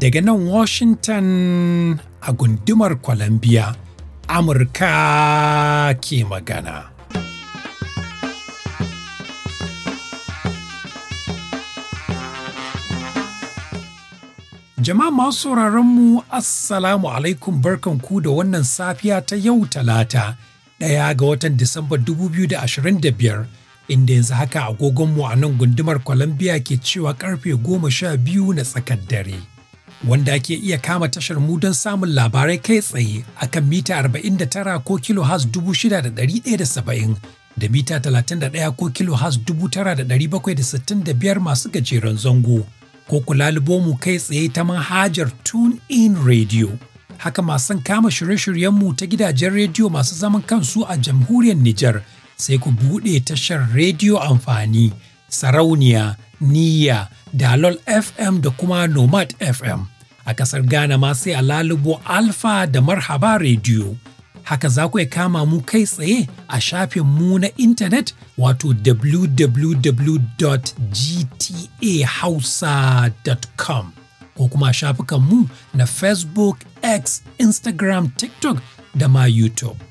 Daga nan Washington a gundumar Columbia, Amurka ke magana. Jama'a masu sauraronmu Assalamu alaikum barkanku da wannan safiya ta yau talata ɗaya ga watan Disamba 2025 inda yanzu haka agogonmu a nan gundumar Columbia ke cewa karfe goma sha biyu na tsakar dare. Wanda ke iya kama tashar mu don samun labarai kai tsaye a kan mita 49 ko kilo dubu 6,170 da mita 31 ko kilo da 9,765 masu gajeren zango. ko kula mu kai tsaye ta manhajar in Radio. Haka masu kama shirye-shiryenmu ta gidajen rediyo masu zaman kansu a jamhuriyar Nijar sai ku buɗe tashar rediyo amfani sarauniya niyya dalol fm da kuma nomad fm a ƙasar ghana ma sai a lalubo alfa da marhaba rediyo haka za ku kama mu kai tsaye a shafin mu na intanet wato www.gtahausa.com ko kuma shafukan mu na facebook x instagram tiktok da ma youtube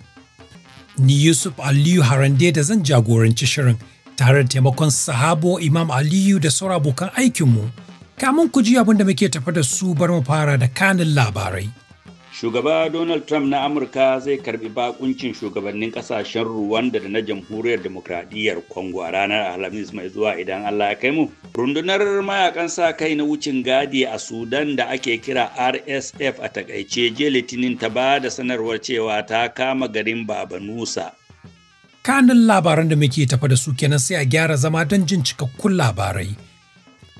ni Yusuf Aliyu Harande da zan jagoranci shirin tare da taimakon sahabo Imam Aliyu da sauran abokan aikinmu. Kamun ku ji abin da muke tafa da su bar mu fara da kanin labarai. shugaba donald trump na amurka zai karbi bakuncin shugabannin kasashen rwanda da na jamhuriyar demokradiyyar kongo a ranar alhamis mai zuwa idan allah ya kai mu rundunar mayakan sa kai na wucin gadi a sudan da ake kira rsf a takaice je litinin ta ba da sanarwar cewa ta kama garin Baba nusa kanin labaran da muke tafa da su kenan sai a gyara zama don jin cikakkun labarai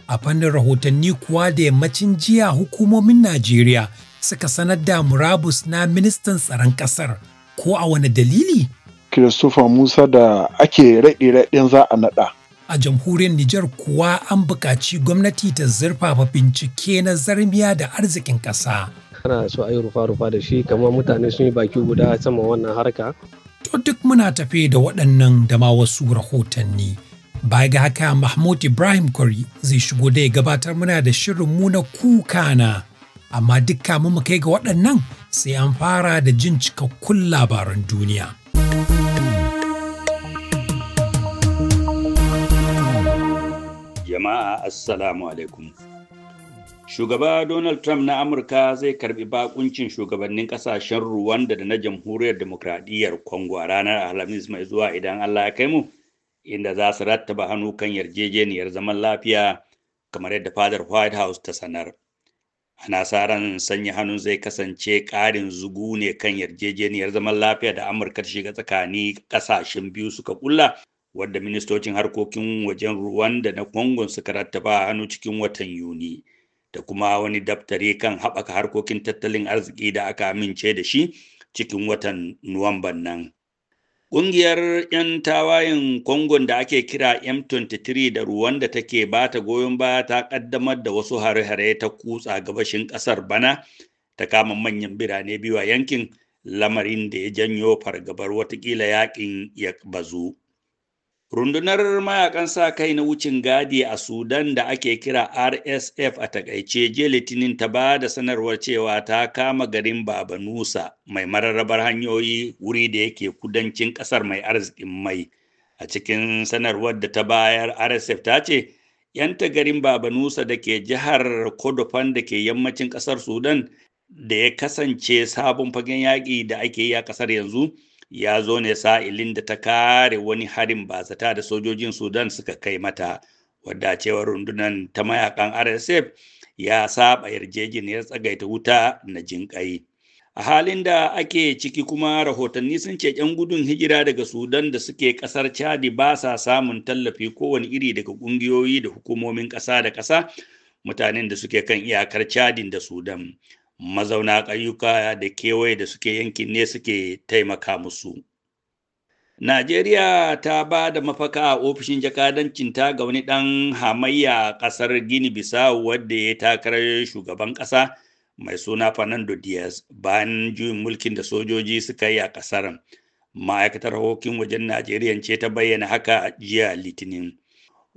a fannin rahotanni kuwa da yammacin jiya hukumomin najeriya suka sanar da murabus na ministan tsaron Kasar ko a wani dalili? Christopher Musa da ake raɗe-raɗen za a naɗa. A jamhuriyar Nijar kuwa an buƙaci gwamnati ta zurfafa bincike na zarmiya da arzikin ƙasa. Kana so a yi rufa-rufa da shi kamar mutane sun yi baki guda sama wannan harka. To duk muna tafe da waɗannan da ma wasu rahotanni. Baya ga haka Mahmud Ibrahim Kwari zai shigo da ya gabatar muna da shirin mu na kuka na. amma dukka mu mu kai ga waɗannan sai an fara da jin cikakkun labaran duniya. Jama'a Assalamu alaikum. Shugaba Donald Trump na Amurka zai karbi bakuncin shugabannin kasashen Ruwanda da na Jamhuriyar Demokradiyyar Kongo a ranar Alhamis mai zuwa idan Allah ya kai mu, inda za su rattaba hannu kan yarjejeniyar zaman lafiya kamar yadda fadar White House ta sanar. ana sa ran sanya hannu zai kasance ƙarin zugu ne kan yarjejeniyar zaman lafiya da amurka ta shiga tsakani ƙasashen biyu suka kulla wadda ministocin harkokin wajen ruwan da na kongon suka rattaba hannu cikin watan yuni da kuma wani daftari kan haɓaka harkokin tattalin arziki da aka amince da shi cikin watan nuwamban nan Ƙungiyar 'yan tawayen Kongon da ake kira M23 da ruwan da take ba ta goyon baya ta ƙaddamar da wasu hare-hare ta kutsa gabashin ƙasar bana ta kama manyan birane biyu a yankin lamarin da ya janyo fargabar watakila yaƙin ya bazu. Rundunar mayakan sa kai na wucin gadi a Sudan da ake kira RSF a takaice je Litinin ta ba da sanarwar cewa ta kama garin Baba Nusa mai mararrabar hanyoyi wuri da yake kudancin kasar mai arzikin mai. A cikin sanarwar da ta bayar RSF ta ce, ‘yanta garin Baba Nusa da ke jihar Kodofan da ke yammacin kasar Sudan da ya kasance sabon fagen yaƙi da ake yi a kasar yanzu’ ya zo ne sa'ilin da ta kare wani harin bazata da sojojin sudan suka kai mata wadda cewar rundunar ta mayakan rsf ya saba yarjejeniyar tsagaita wuta na jinƙai a halin da ake ciki kuma rahotanni sun ce 'yan gudun hijira daga sudan da suke kasar chadi ba sa samun tallafi kowane iri daga ƙungiyoyi da hukumomin ƙasa da ƙasa mutanen da suke kan iyakar chadin da sudan mazauna ƙayyuka da kewaye da suke yankin ne suke taimaka musu. Najeriya ta ba da mafaka a ofishin jakadancinta ga wani ɗan hamayya ƙasar Gini Bissau wadda ya takarar shugaban ƙasa mai suna Fernando Diaz bayan juyin mulkin da sojoji suka yi a ƙasar. Ma'aikatar hokin wajen Najeriya ce ta bayyana haka jiya Litinin.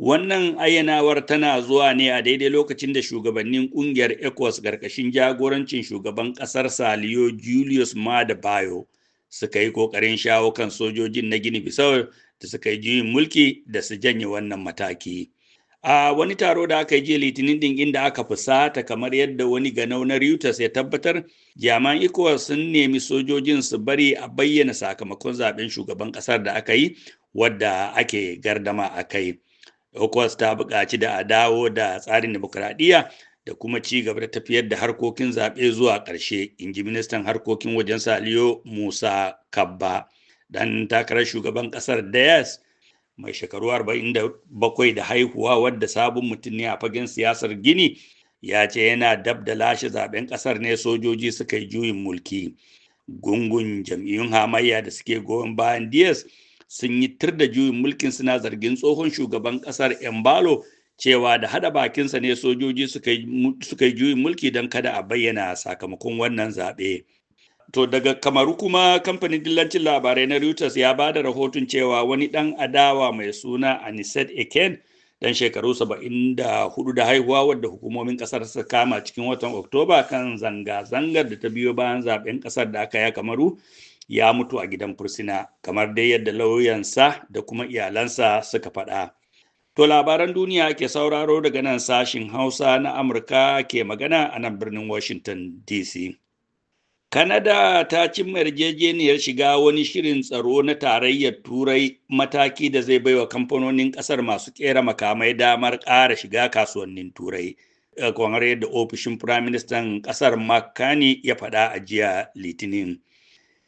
Wannan ayyanawar tana zuwa ne a daidai lokacin da shugabannin ƙungiyar ECOWAS garkashin jagorancin shugaban ƙasar Saliyo Julius Mada Bayo suka yi ƙoƙarin shawo kan sojojin na Gini Bisau da suka yi juyin mulki da su janye wannan mataki. A wani taro da aka yi jiya Litinin din inda aka fusata kamar yadda wani ganau na Reuters ya tabbatar, jami'an ECOWAS sun nemi sojojin su bari a bayyana sakamakon zaben shugaban ƙasar da aka yi wadda ake gardama a kai. ECOWAS ta buƙaci da a dawo da tsarin demokuraɗiyya da kuma ci gaba da tafiyar da harkokin zaɓe zuwa ƙarshe in ji ministan harkokin wajen saliyo musa kabba dan takarar shugaban ƙasar dayas mai shekaru 47 da haihuwa wadda sabon mutum ne a fagen siyasar gini ya ce yana dab da lashe zaɓen ƙasar ne sojoji suka yi juyin mulki gungun jam'iyyun hamayya da suke goyon bayan Dias sun yi tir da juyin mulkin suna zargin tsohon shugaban kasar embalo cewa da hada bakinsa ne sojoji suka yi juyin mulki don kada a bayyana sakamakon wannan zaɓe. To daga kamaru kuma kamfanin dillancin labarai na Reuters ya ba da rahoton cewa wani ɗan adawa mai suna Aniset Eken dan shekaru 74 da haihuwa wadda hukumomin kasar suka kama cikin watan Oktoba kan zanga-zangar da ta biyo bayan zaɓen ƙasar da aka yi kamaru ya mutu a gidan fursuna kamar dai yadda lauyansa da kuma iyalansa suka faɗa. To labaran duniya ke sauraro daga nan sashin Hausa na Amurka ke magana a nan birnin Washington DC. Kanada ta cimma yarjejeniyar shiga wani shirin tsaro na tarayyar Turai mataki da zai baiwa kamfanonin ƙasar masu kera makamai damar ƙara shiga kasuwannin Turai. Kamar yadda ofishin Firaministan ƙasar Makani ya faɗa a jiya Litinin.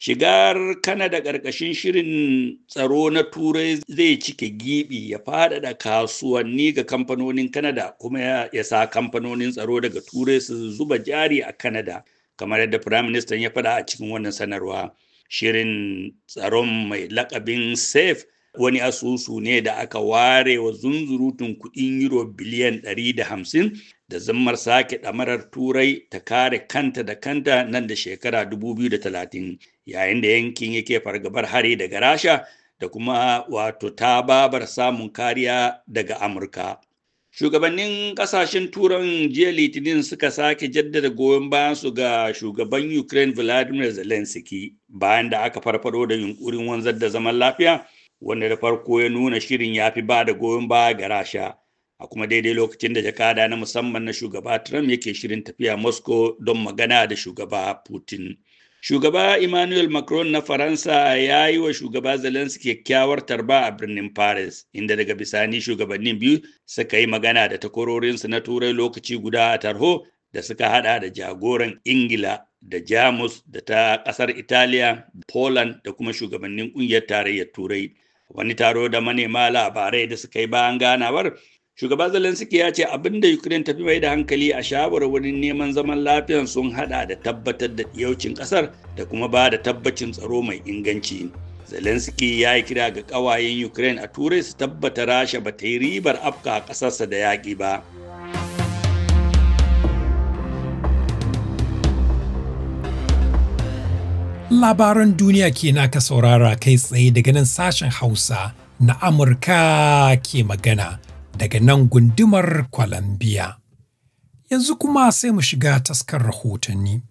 Shigar Kanada ƙarƙashin shirin tsaro na Turai zai cike gibi ya faɗaɗa kasuwanni ga kamfanonin Kanada kuma ya sa kamfanonin tsaro daga Turai su zuba jari a Kanada, kamar yadda Firaministan ya faɗa a cikin wannan sanarwa. Shirin tsaron mai lakabin SAFE wani asusu ne da aka ware wa zunzurutun kuɗin euro biliyan 150 da zammar sake ɗamarar turai ta kare kanta da kanta nan da shekara 2030 yayin da yankin yake fargabar hari daga rasha da kuma wato ta babar samun kariya daga amurka shugabannin kasashen turan jiya litinin suka sake jaddada goyon bayan su ga shugaban ukraine vladimir zelensky bayan da aka farfado da yunkurin wanzar da zaman lafiya wanda da farko ya nuna shirin ya fi ba da goyon baya ga rasha a kuma daidai lokacin da jakada na musamman na shugaba trump yake shirin tafiya moscow don magana da shugaba putin shugaba emmanuel macron na faransa ya yi wa shugaba zelensky kyakkyawar tarba a birnin paris inda daga bisani shugabannin biyu suka yi magana da takwarorinsu na turai lokaci guda a tarho da suka hada da jagoran ingila da jamus da ta kasar italiya poland da kuma shugabannin kungiyar tarayyar turai wani taro da manema labarai da suka yi bayan ganawar Shugaba Zelensky ya ce abin da Ukraine tafi mai da hankali a shawarwarin neman zaman lafiya sun hada da tabbatar da yaucin kasar da kuma ba da tabbacin tsaro mai inganci. Zelensky ya yi kira ga kawayen Ukraine a Turai su tabbata Rasha ba ta yi ribar afka a kasarsa da yaƙi ba. Labaran duniya ke ka saurara kai tsaye daga nan sashen Hausa na Amurka ke magana. daga nan gundumar kwalambiya. Yanzu kuma sai mu shiga taskar rahotanni.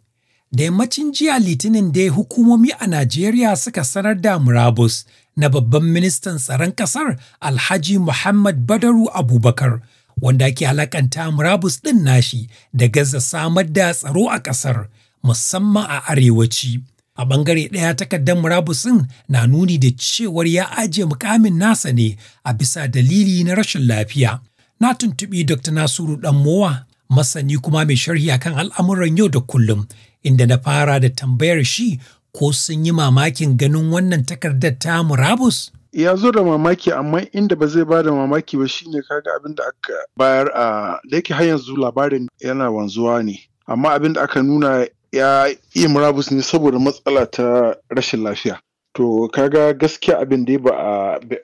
Da yammacin jiya Litinin dai hukumomi a Najeriya suka sanar da murabus na babban ministan tsaron ƙasar Alhaji Muhammad Badaru Abubakar, wanda ke alakanta murabus ɗin nashi da gaza samar da tsaro a ƙasar, musamman a arewaci. A bangare ɗaya takardar murabus ɗin na nuni da cewar ya ajiye mukamin nasa ne a bisa dalili na rashin lafiya. Na tuntuɓi Dr. Nasiru Ɗanmowa, masani kuma mai sharhi a kan al'amuran yau da kullum, inda na fara da tambayar shi ko sun yi mamakin ganin wannan takardar ta murabus? ya zo da mamaki amma inda ba zai ba da mamaki ba shine kaga abin da aka bayar a da yake har yanzu labarin yana wanzuwa ne amma abin da aka nuna ya iya murabus ne saboda matsala ta rashin lafiya to kaga gaskiya abin dai ba a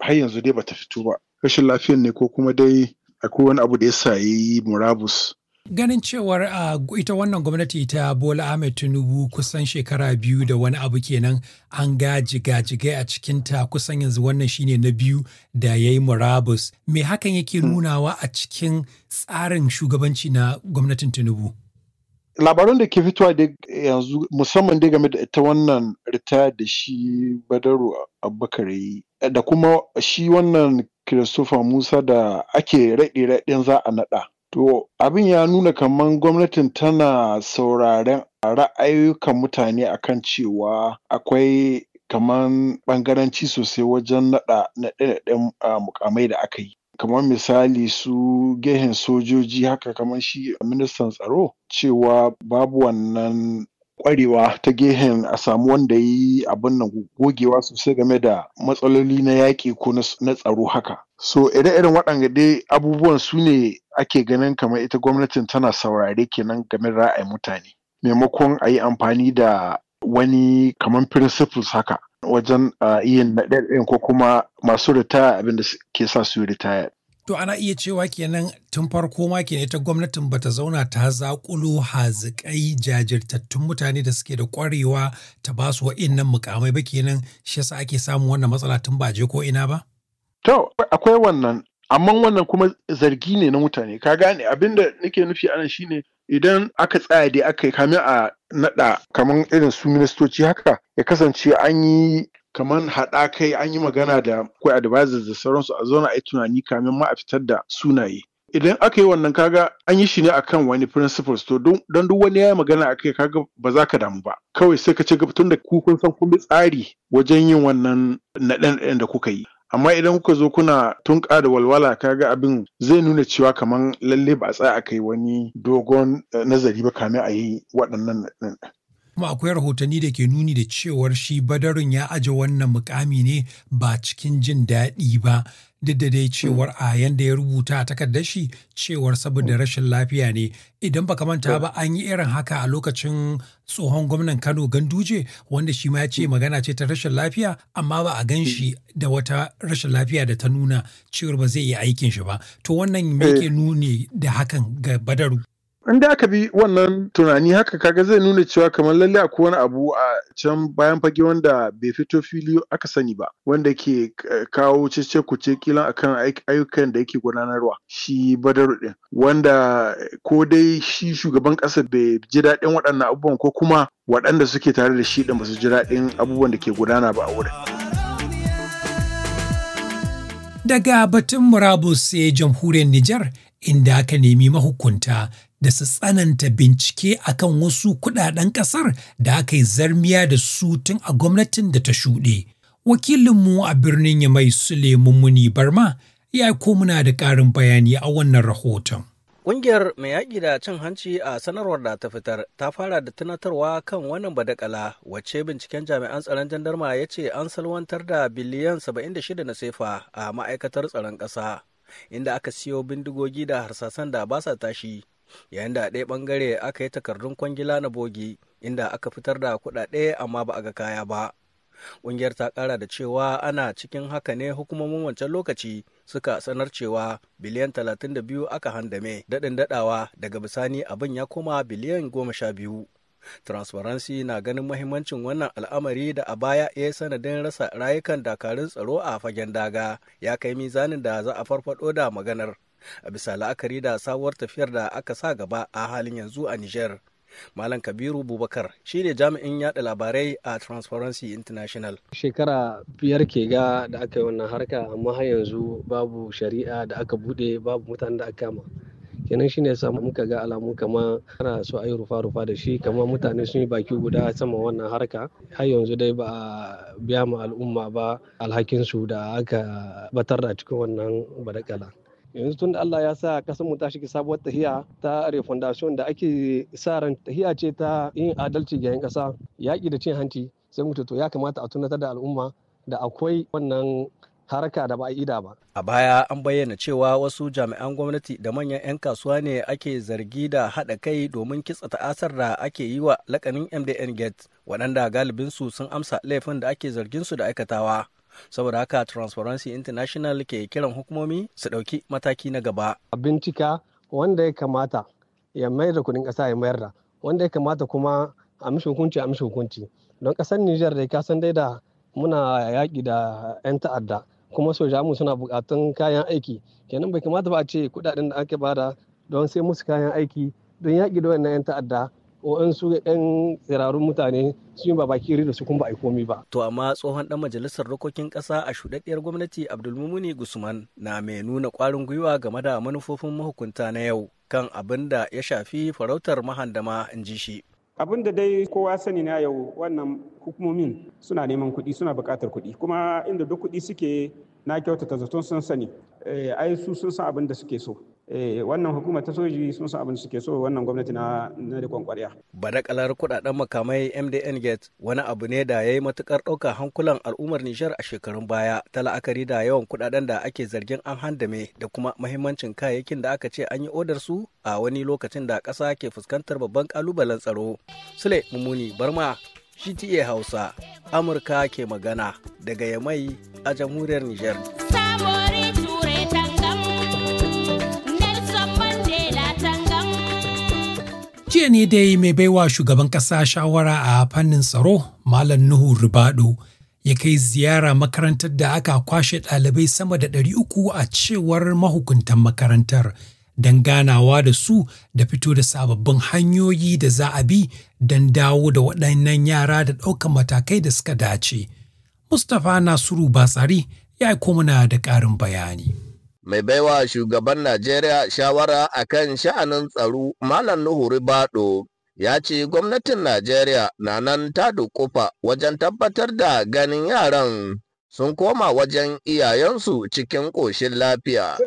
har yanzu dai ba ta fito ba rashin lafiyan ne ko kuma dai akwai wani abu da ya sa yi murabus ganin cewar ita wannan gwamnati ta bola ahmed tinubu kusan shekara biyu da wani abu kenan an gaji jigai a cikinta kusan yanzu wannan shine na biyu da ya yi murabus me hakan yake hmm. nunawa a cikin tsarin shugabanci na gwamnatin tinubu labaran da ke fitowa da yanzu musamman dai game da ita wannan rita da shi badaru abubakar yi da kuma shi wannan christopher musa da ake raɗe raɗin za a naɗa to abin ya nuna kamar gwamnatin tana sauraren ra'ayukan mutane akan cewa akwai kamar ɓangaranci sosai wajen naɗa naɗe-naɗen ah, mukamai da aka yi kamar misali su gehen sojoji haka kamar shi ministan tsaro cewa babu wannan kwarewa ta gehen a samu wanda ya yi abin nan gogewa sosai game da matsaloli na yaƙi ko na tsaro haka so ire-iren waɗanda dai abubuwan su ne ake ganin kamar ita gwamnatin tana saurare kenan game da ra'ayin mutane maimakon a yi amfani da wani kamar principles haka wajen yin naɗaɗɗen ko kuma masu ritaya abinda ke sa su ritaya. To ana iya cewa kenan tun farko ma ke ta gwamnatin bata zauna ta zaƙulo hazikai jajirtattun mutane da suke da ƙwarewa ta ba su wa'innan mukamai ba kenan shi yasa ake samu wannan matsala tun ba je ko ina ba? To akwai wannan amma wannan kuma zargi ne na mutane ka gane abinda nake nufi anan shine idan aka tsaya dai aka yi kamin a naɗa kamar irin su ministoci haka ya kasance an yi kamar haɗa kai an yi magana da kwai advisors da sauransu a zauna a yi tunani kamin ma a fitar da sunaye idan aka yi wannan kaga an yi shi ne akan wani principles to don duk wani ya magana a kai kaga ba za ka damu ba kawai sai ka ci gaba tun da ku kun san kun tsari wajen yin wannan naɗen da kuka yi amma idan kuka zo kuna tunka da walwala ka ga abin zai nuna cewa kamar lalle ba a tsaya a kai wani dogon eh, nazari ba kamin a yi waɗannan eh. kuma akwai rahotanni da ke nuni da cewar shi badarin ya aje wannan mukami ne ba cikin jin daɗi ba duk da dai mm. cewar a yanda ya rubuta a takardar shi cewar saboda mm. rashin lafiya ne idan baka manta mm. ba an yi irin haka a lokacin tsohon gwamnan Kano Ganduje wanda shi ma ya ce magana ce ta rashin lafiya amma ba a gan shi da wata rashin lafiya da ta nuna cewar ba zai iya aikin shi ba to wannan me ke eh. nuni da hakan ga Badaru in da aka bi wannan tunani haka kaga zai nuna cewa kamar lalle akwai wani abu a can bayan fage wanda bai fito fili aka sani ba wanda ke eh, kawo cece kuce kilan akan ayyukan da yake gudanarwa shi badaru din wanda ko dai shi shugaban kasa bai ji daɗin waɗannan abubuwan ko kuma waɗanda suke tare da shi ɗin ba su ji daɗin abubuwan da ke gudana ba a wurin. daga batun murabus sai jamhuriyar Nijar inda aka nemi mahukunta da su tsananta bincike akan wasu kudaden kasar da aka yi zarmiya da su tun a gwamnatin da ta shuɗe. Wakilinmu a birnin Yamai Suleiman Muni Barma ya ko muna da ƙarin bayani a wannan rahoton. Ƙungiyar mai yaƙi da cin hanci a sanarwar da ta fitar ta fara da tunatarwa kan wannan badakala wacce binciken jami'an tsaron jandarma ya ce an salwantar da biliyan 76 na sefa a ma'aikatar tsaron ƙasa inda aka siyo bindigogi da harsasan da ba sa tashi yayin da ɗaya ɓangare aka yi takardun kwangila na bogi inda aka fitar da kuɗaɗe amma ba a ga kaya ba ƙungiyar ta ƙara da cewa ana cikin haka ne hukumomin wancan lokaci suka sanar cewa biliyan 32 aka handame daɗin daɗawa daga bisani abin ya koma biliyan 12 transparency na ganin mahimmancin wannan al'amari da a baya ya sanadin rasa rayukan dakarun tsaro a fagen daga ya kai mizanin da za a farfado da maganar a bisa la'akari da sabuwar tafiyar da aka sa gaba a halin yanzu a Nijar. Malam Kabiru Bubakar shine jami'in yada labarai a Transparency International. Shekara biyar ke ga da aka yi wannan harka amma har yanzu babu shari'a da aka bude babu mutane da aka kama. kenan shi ne samu muka ga alamu kama ana so a yi rufa-rufa da shi kama mutane sun yi baki guda sama wannan harka har yanzu dai ba a biya ma al'umma ba alhakinsu da aka batar da cikin wannan badakala. yanzu tun da Allah ya sa kasar mu ta shiga sabuwar tahiya ta refundation da ake sa ran tahiya ce ta yin adalci ga yan kasa yaki da cin hanci sai mu to ya kamata a tunatar da al'umma da akwai wannan haraka da ba a ida ba. A baya an bayyana cewa wasu jami'an gwamnati da manyan 'yan kasuwa ne ake zargi da haɗa kai domin kitsa ta'asar da ake yi wa lakanin MDN Gate waɗanda galibinsu sun amsa laifin da ake zargin su da aikatawa. saboda haka transparency international ke kiran hukumomi su ɗauki mataki na gaba a bincika wanda ya kamata ya mayar da kudin ƙasa ya mayar da wanda ya kamata kuma a mishi hukunci a mishi hukunci don ƙasar niger da ka san dai da muna yaƙi da 'yan ta'adda kuma sojamu suna buƙatun kayan aiki kenan bai kamata ba a ce kudaden da ake bada don sai musu kayan aiki don yaƙi da wannan 'yan ta'adda waɗansu yan tsirarun mutane sun ba baki da su kuma ba a yi komi ba. To amma tsohon ɗan majalisar rokokin ƙasa a shuɗaɗɗiyar gwamnati Abdulmumuni Gusman na mai nuna ƙwarin gwiwa game da manufofin mahukunta na yau kan abin da ya shafi farautar mahandama in ji shi. Abin da dai kowa sani na yau wannan hukumomin suna neman kuɗi suna buƙatar kuɗi kuma inda duk kuɗi suke na kyautata zaton sun sani eh, ai su sun san abin da suke so Eh, wannan hukumar ta soji sun san abin suke so wannan gwamnati na na da kwankwariya badakalar kudaden makamai MDN Gate wani abu ne da ya yi matukar ɗaukar hankulan al'ummar Nijar a shekarun baya ta la'akari da yawan kudaden da ake zargin an handame da kuma mahimmancin kayayyakin da aka ce an yi odar su a wani lokacin da ƙasa ke fuskantar babban kalubalen tsaro Sule Mumuni Barma GTA Hausa Amurka ke magana daga Yamai a jamhuriyar Nijar. Jiya ne dai mai baiwa shugaban ƙasa shawara a fannin tsaro Malam Nuhu Rubado ya kai ziyara makarantar da aka kwashe ɗalibai sama da ɗari uku a cewar mahukuntan makarantar don ganawa da su da fito da sababbin hanyoyi da za a bi don dawo da waɗannan yara da ɗaukar matakai da suka dace. Mustapha Nasiru Batsari ya yi komuna da ƙarin bayani. mai baiwa shugaban Najeriya shawara a kan sha'anin tsaro Malam Nuhu Ribado ya ce gwamnatin Najeriya na nan ta dukufa wajen tabbatar da ganin yaran sun koma wajen iyayensu cikin ƙoshin lafiya.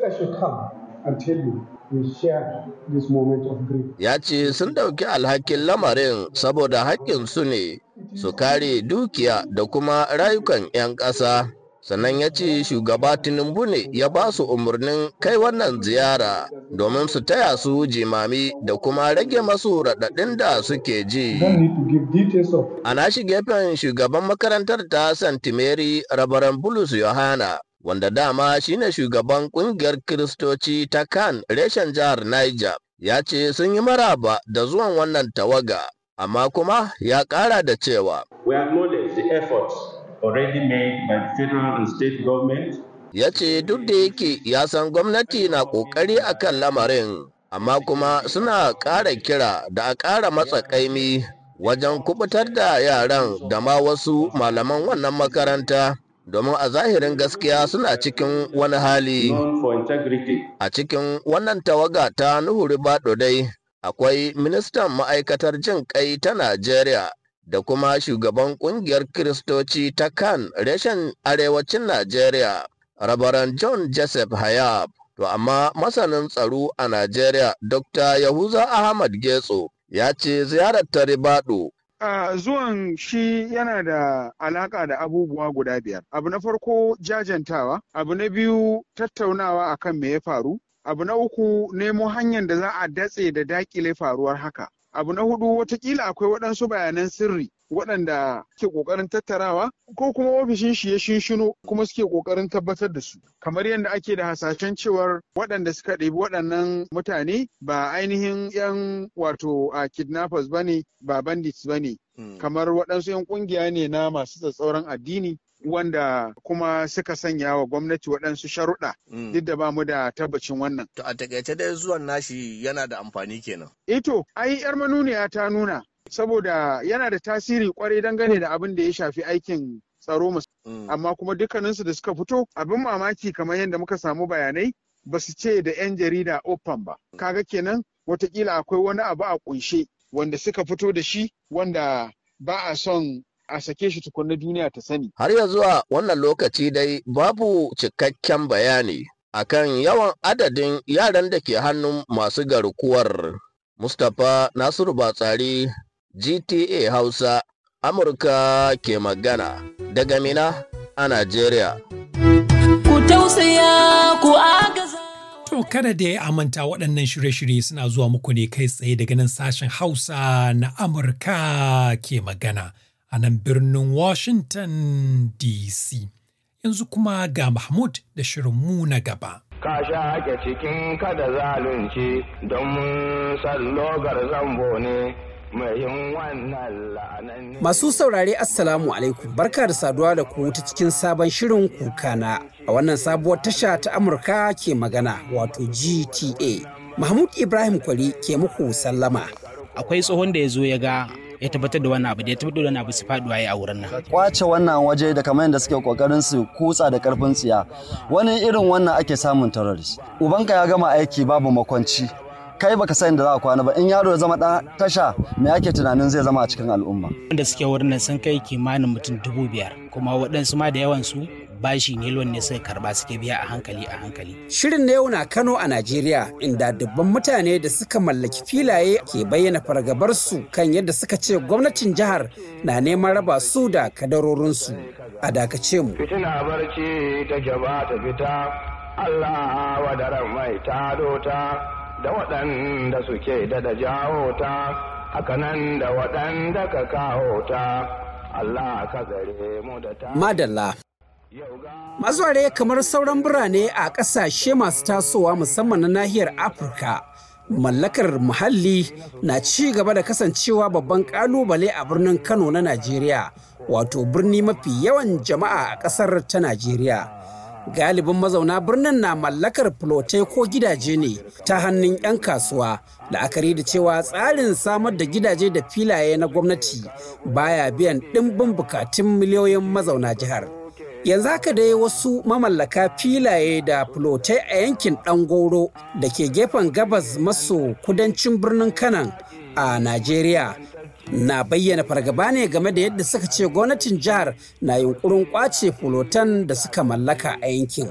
Ya ce sun ɗauki alhakin lamarin saboda haƙƙinsu ne su kare dukiya da kuma rayukan 'yan ƙasa. sannan ya ce shugaba tinubu ne ya ba su umarnin kai wannan ziyara domin su taya su jimami da kuma rage masu raɗaɗin da suke ji a nashi gefen shugaban makarantar ta St. mary rabaran bulus yohana wanda dama shine shugaban kungiyar kiristoci ta kan reshen jihar niger ya ce sun yi maraba da zuwan wannan tawaga amma kuma ya ƙara da cewa already Ya ce duk da yake ya san gwamnati na ƙoƙari a kan lamarin, amma kuma suna ƙara kira da a ƙara matsa ƙaimi wajen kubutar da yaran da ma wasu malaman wannan makaranta. domin a zahirin gaskiya suna cikin wani hali a cikin wannan tawaga ta nuhuri baɗo dai akwai ministan ma'aikatar jin kai ta najeriya da kuma shugaban kungiyar Kiristoci ta kan reshen arewacin Najeriya, Rabaran John Joseph Hayab. To amma masanin tsaro a Najeriya, Dr. Yahuza Ahmad Getso ya ce ziyarar ta Ribadu zuwan shi yana da alaƙa da abubuwa guda biyar. Abu na farko jajantawa, abu na biyu tattaunawa akan me ya faru, abu na uku nemo hanyar da za a datse da dakile faruwar haka. abu na hudu watakila akwai waɗansu bayanan sirri waɗanda ke ƙoƙarin tattarawa ko kuma ofishin shi ya shinshino kuma suke ƙoƙarin tabbatar da su kamar yadda ake da hasashen cewar waɗanda suka ɗebi waɗannan mutane ba ainihin 'yan wato a kidnappers ba ne ba bandits ba ne hmm. kamar waɗansu 'yan ƙungiya ne na masu tsatsauran addini wanda kuma suka sanya wa gwamnati waɗansu sharuɗa mm. duk da ba mu da tabbacin wannan. To a takaice dai zuwan nashi yana da amfani kenan. Ito, eh ai yar manuniya ta nuna saboda yana da tasiri kwarai dangane da abin da ya shafi aikin tsaro mm. amma kuma dukkaninsu da suka fito abin mamaki kamar yadda muka samu bayanai ba su ce da 'yan jarida open ba mm. kaga kenan watakila akwai wani abu a kunshe wanda suka fito da shi wanda ba a son a sake shi tukunna duniya ta sani. Har ya zuwa wannan lokaci dai babu cikakken bayani akan yawan adadin yaran da ke hannun masu garkuwar. Mustapha Nasiru Batsari GTA Hausa Amurka ke magana daga Mina a Najeriya. Ku tausaya ku agaza. To kada da ya amanta waɗannan shirye-shirye suna zuwa muku ne kai tsaye daga nan sashen Hausa na Amurka ke magana. a nan birnin Washington DC. Yanzu kuma ga Mahmud da shirinmu na gaba. Ka sha ake cikin kada zalunci don mun san logar zambo ne Masu saurare Assalamu alaikum barka da saduwa da ku ta cikin sabon shirin kuka na, a wannan sabuwar tasha ta Amurka ke magana wato GTA. Mahmud Ibrahim Kwari ke muku sallama. Akwai tsohon da ya zo ya ga ya tabbatar da wannan abu da ya tabbatar da wannan abu su faduwa a wurin nan kwace wannan waje da kamar yadda suke kokarin su kutsa da karfin tsiya wani irin wannan ake samun terrorist ubanka ya gama aiki babu makwanci kai baka san da za a kwana ba in yaro ya zama dan tasha me ake tunanin zai zama a cikin al'umma wanda suke wurin nan sun kai kimanin mutum dubu biyar kuma waɗansu ma da yawan su bashi ne ne suka karba suke biya a hankali a hankali. Shirin na yau na Kano a Najeriya inda dubban mutane da suka mallaki filaye ke bayyana fargabarsu kan yadda suka ce gwamnatin jihar na neman raba su da kadarorinsu a dakace mu. Fitina barci ta gaba ta fita Allah wadaran mai ta da waɗanda suke da da jawo ta hakanan da waɗanda ka kawo ta. Allah ka gare mu da ta. Madalla. Mazware kamar sauran birane a ƙasashe masu tasowa musamman na nahiyar Afirka. Mallakar muhalli na ci gaba da kasancewa babban ƙalubale a birnin Kano na Najeriya, wato birni mafi yawan jama'a a ƙasar ta Najeriya. Galibin mazauna birnin na mallakar filote ko gidaje ne ta hannun 'yan kasuwa, la'akari da cewa tsarin samar da gidaje da filaye na gwamnati baya biyan ɗimbin bukatun miliyoyin mazauna jihar. yanzu haka dai wasu mamallaka filaye da fulotai a yankin ɗangoro da ke gefen gabas maso kudancin birnin kanan a najeriya na bayyana fargaba ne game da yadda suka ce gwamnatin jihar na yunkurin kwace fulotan da suka mallaka a yankin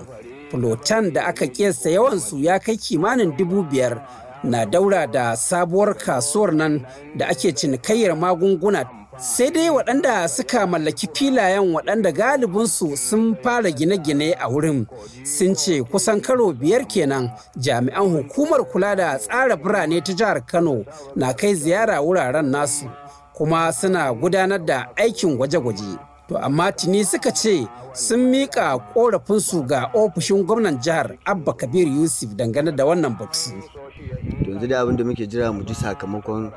fulotan da aka kesa yawansu ya kai kimanin dubu biyar na daura da sabuwar kasuwar nan da ake cinikayyar magunguna sai dai waɗanda suka mallaki filayen waɗanda galibinsu sun fara gine-gine a wurin sun ce kusan karo biyar kenan jami'an hukumar kula da tsara birane ta jihar kano na kai ziyara wuraren nasu kuma suna gudanar da aikin gwaje-gwaje to amma tuni suka ce sun miƙa ƙorafinsu ga ofishin gwamnan jihar abba kabir yusuf dangane da wannan batu yanzu da abin da muke jira mu ji sakamakon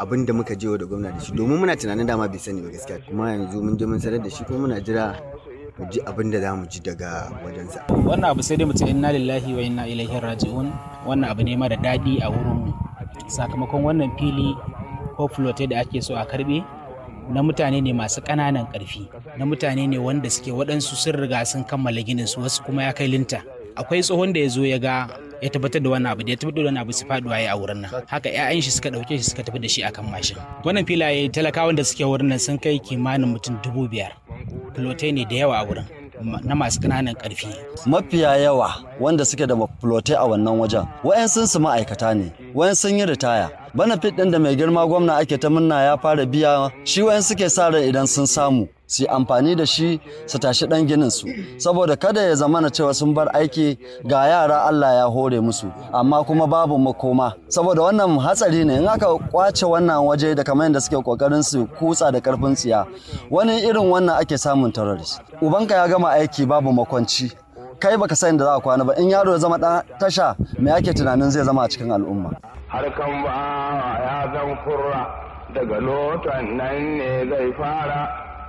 abin da muka je da gwamna da shi domin muna tunanin dama bai sani ba gaskiya kuma yanzu mun je mun sanar da shi kuma muna jira mu ji abin da za mu ji daga wajensa. Wannan abu sai dai mu ce inna lillahi wa inna ilaihi raji'un wannan abu ne mara daɗi a wurin sakamakon wannan fili ko flote da ake so a karbe na mutane ne masu ƙananan ƙarfi na mutane ne wanda suke waɗansu sun riga sun kammala ginin su wasu kuma ya kai linta akwai tsohon da ya zo ya ga ya tabbatar da wani abu da ya tabbatar da wani abu su faduwa ya a wurin nan haka ƴaƴan shi suka dauke shi suka tafi da shi akan mashin wannan filaye talakawan da suke wurin nan sun kai kimanin mutum dubu biyar filotai ne da yawa a wurin na masu ƙananan ƙarfi. Mafiya yawa wanda suke da mafulotai a wannan wajen, wa'yan sun su ma'aikata ne, wa'yan sun yi ritaya, Benefit ɗin da mai girma gwamna ake ta munna ya fara biya shi wayan suke sa rai idan sun samu. su amfani da shi su tashi ɗan ginin su saboda kada ya zamana cewa sun bar aiki ga yara Allah ya hore musu amma kuma babu makoma saboda wannan hatsari ne in aka kwace wannan waje da kamar yadda suke kokarin su kutsa da karfin tsiya wani irin wannan ake samun terrorist ubanka ya gama aiki babu makwanci kai baka san da za a kwana ba in yaro ya zama ɗan tasha me ake tunanin zai zama a cikin al'umma harkan ba ya zan kurra daga lotan nan ne zai fara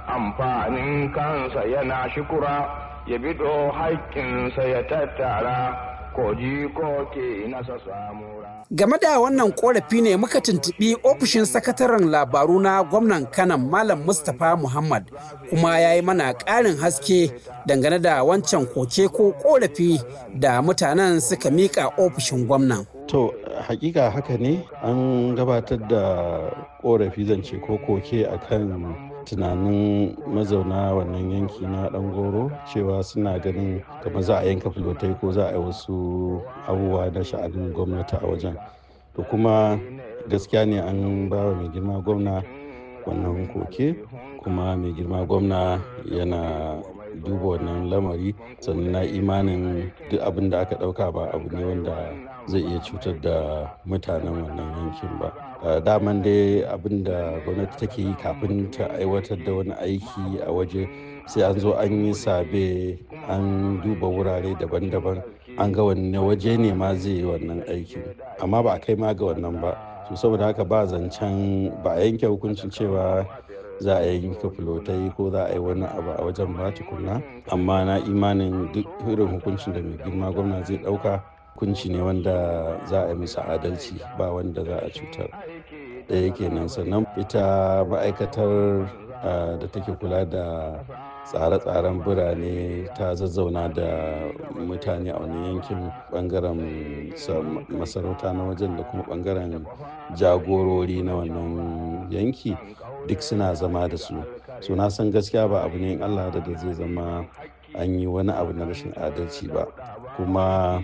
amfanin kansa yana shukura ya bido haƙƙinsa ya tattara ko ji ko ke nasa samu Game da wannan korafi ne muka tuntubi ofishin sakataren labaru na gwamnan kanan Malam Mustapha Muhammad kuma ya yi mana ƙarin haske dangane da wancan koke ko korafi da mutanen suka miƙa ofishin gwamnan. To, hakika haka ne an gabatar da korafi zance ko koke a kan tunanin mazauna wannan yanki na goro cewa suna ganin kama za a yanka filotai ko za a yi wasu abubuwa na sha'anin gwamnati a wajen to kuma gaskiya ne an ba wa mai girma gwamna wannan koke kuma mai girma gwamna yana duba wannan lamari sannan na imanin duk abin da aka ɗauka ba abu ne wanda zai iya cutar da mutanen wannan yankin ba Eh, daman dai abin da gwamnati take yi kafin ta aiwatar da wani aiki a waje sai an zo an yi sabe an duba wurare daban-daban an ga wanne waje ne ma zai yi wannan aiki amma ba a kai ma ga wannan ba to saboda haka ba zancen ba a yanke hukuncin cewa za a yi fulotai ko za a yi wani abu a wajen ba tukunna amma na imanin duk irin hukuncin da mai girma gwamna zai ɗauka hukunci ne wanda za a yi musu adalci ba wanda za a cutar ɗaya kenan sannan ita ma'aikatar ah, da take kula da tsare-tsaren birane ta zazzauna da mutane a wani yankin bangaren masarauta na wajen da kuma bangaren jagorori na wannan yanki duk suna zama da su so san gaskiya ba abu ne in allah da zai zama an yi wani abu na rashin adalci ba kuma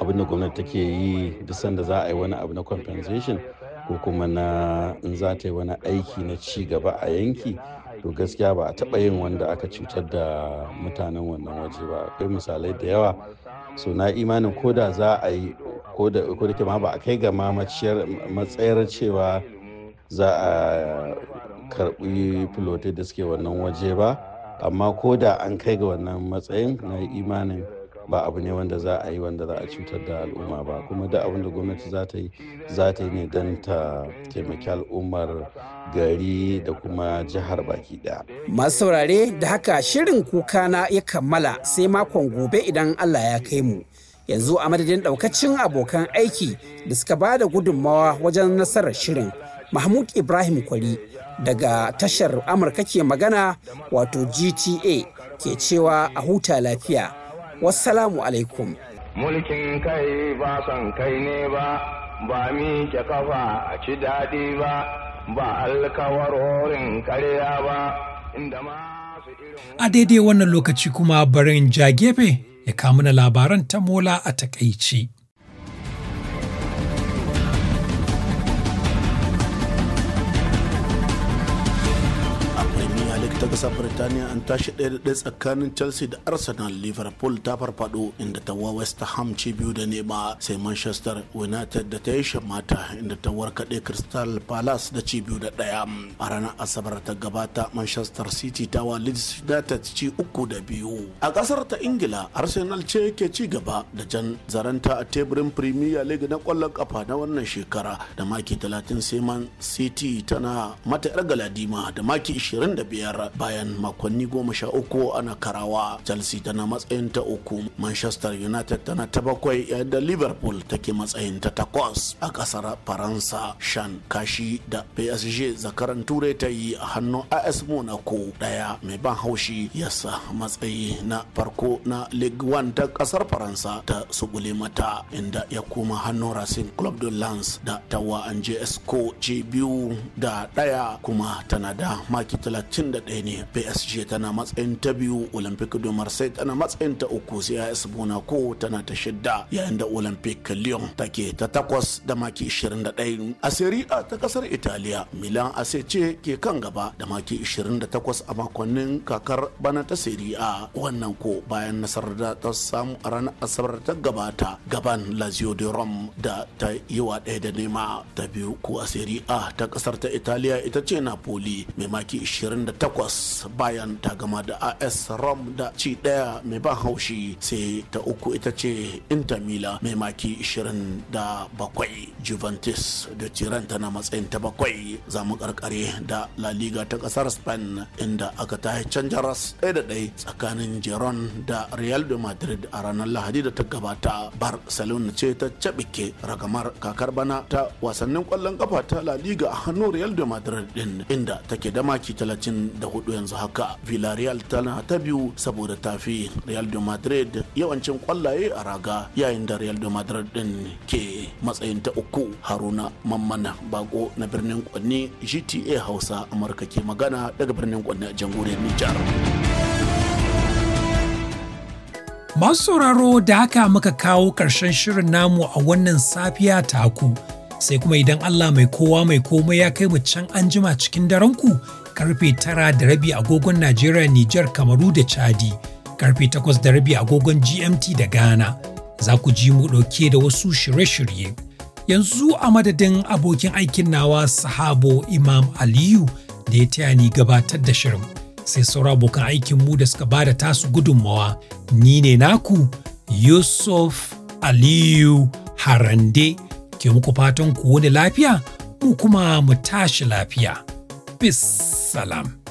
abin da gwamnati take yi duk sanda za a yi wani abu na compensation ko kuma na in za ta yi wani aiki na ci gaba a yanki to gaskiya ba a taɓa yin wanda aka cutar da mutanen wannan waje ba akwai misalai da yawa so na imanin ko da za a yi ko da ke ma ba a kai ga mamaciyar matsayar cewa za a karbi filotai da suke wannan waje ba amma ko da an kai ga wannan matsayin na imanin ba abu ne wanda za a yi wanda za a cutar da al'umma ba kuma da abin da gwamnati za ta yi za ta yi ne don ta taimaki al'ummar gari da kuma jihar baki daya masu saurare da haka shirin kuka na ya kammala sai makon gobe idan allah ya kai mu yanzu a madadin daukacin abokan aiki da suka ba da gudunmawa wajen nasarar shirin mahmud ibrahim kwari daga tashar amurka ke magana wato gta ke cewa a huta lafiya wassalamu alaikum mulkin kai ba son kai ne ba ba ke kafa a ci daɗi ba ba horin karya ba inda su irin a daidai wannan lokaci kuma barin ja gefe ya kamuna labaran ta mola a takaici. birtaniya an tashi ɗaya da ɗaya tsakanin chelsea da arsenal liverpool ta farfado inda ta wa west ham ci biyu da nema sai manchester united da ta yi shamata inda ta warkaɗe crystal palace da ci biyu da ɗaya a ranar asabar ta gabata manchester city ta wa leeds united ci uku da biyu a ƙasar ta ingila arsenal ce ke ci gaba da jan zaranta a teburin premier league na ƙwallon ƙafa na wannan shekara da maki 30 sai man city tana mata 'yar galadima da maki 25 bayan makonni goma sha uku ana karawa chelsea tana matsayin ta uku manchester united tana ta bakwai yayin da liverpool take matsayin ta takwas a kasar faransa shan kashi da psg zakaran turai ta yi a hannun as monaco daya mai ban haushi yasa matsayi na farko na league one ta kasar faransa ta subule mata inda ya koma hannun racing club de lens da tawa an js ko ce biyu da daya kuma tana da maki 31 ne psg tana matsayin ta biyu olympic de marseille tana matsayin ta uku sai as monaco tana ta shidda yayin da olympic lyon take ta takwas da maki 21 a serie a ta kasar italiya milan ac ce ke kan gaba da maki 28 a makonnin kakar bana ta serie a wannan ko bayan nasarar da ta samu a ranar asabar ta gabata gaban lazio de rome da ta yi wa ɗaya da nema ta biyu ko a serie a ta kasar ta italiya ita ce napoli mai maki 28 bayan ta gama da AS Rom da ci daya mai ban haushi sai ta uku ita ce Inter Mila mai maki 27 Juventus da Tiran tana matsayin ta bakwai za mu karkare da La Liga ta ƙasar Spain inda aka tashi can jaras ɗaya da ɗaya tsakanin Geron da Real de Madrid a ranar Lahadi da ta gabata Barcelona ce ta cabike ragamar kakar bana ta wasannin ƙwallon kafa ta La Liga a hannun Real de Madrid din inda take da maki 34 yanzu haka haka Villarreal tana ta biyu saboda tafi Real de Madrid yawancin kwallaye a raga yayin da Real de Madrid din ke matsayin ta uku Haruna Mammana Bako na birnin Kwanne GTA Hausa Amurka ke magana daga birnin Kwanne a jamhuriyar Nijar. Masu sauraro da haka muka kawo ƙarshen shirin namu a wannan safiya taku. sai kuma idan Allah mai kowa mai komai ya kai mu can anjima cikin daren ku karfe tara da rabi agogon Najeriya, Nijar, Kamaru da Chadi, karfe takwas da rabi agogon GMT da Ghana. Za ku ji mu ɗauke da wasu shirye-shirye. Yanzu a madadin abokin aikin nawa sahabo Imam Aliyu da ya taya ni gabatar da shirin. Sai saura abokan aikin mu da suka bada tasu gudunmawa. Ni ne naku Yusuf Aliyu Harande ke muku fatan ku wani lafiya, mu kuma mu tashi lafiya. bis salam.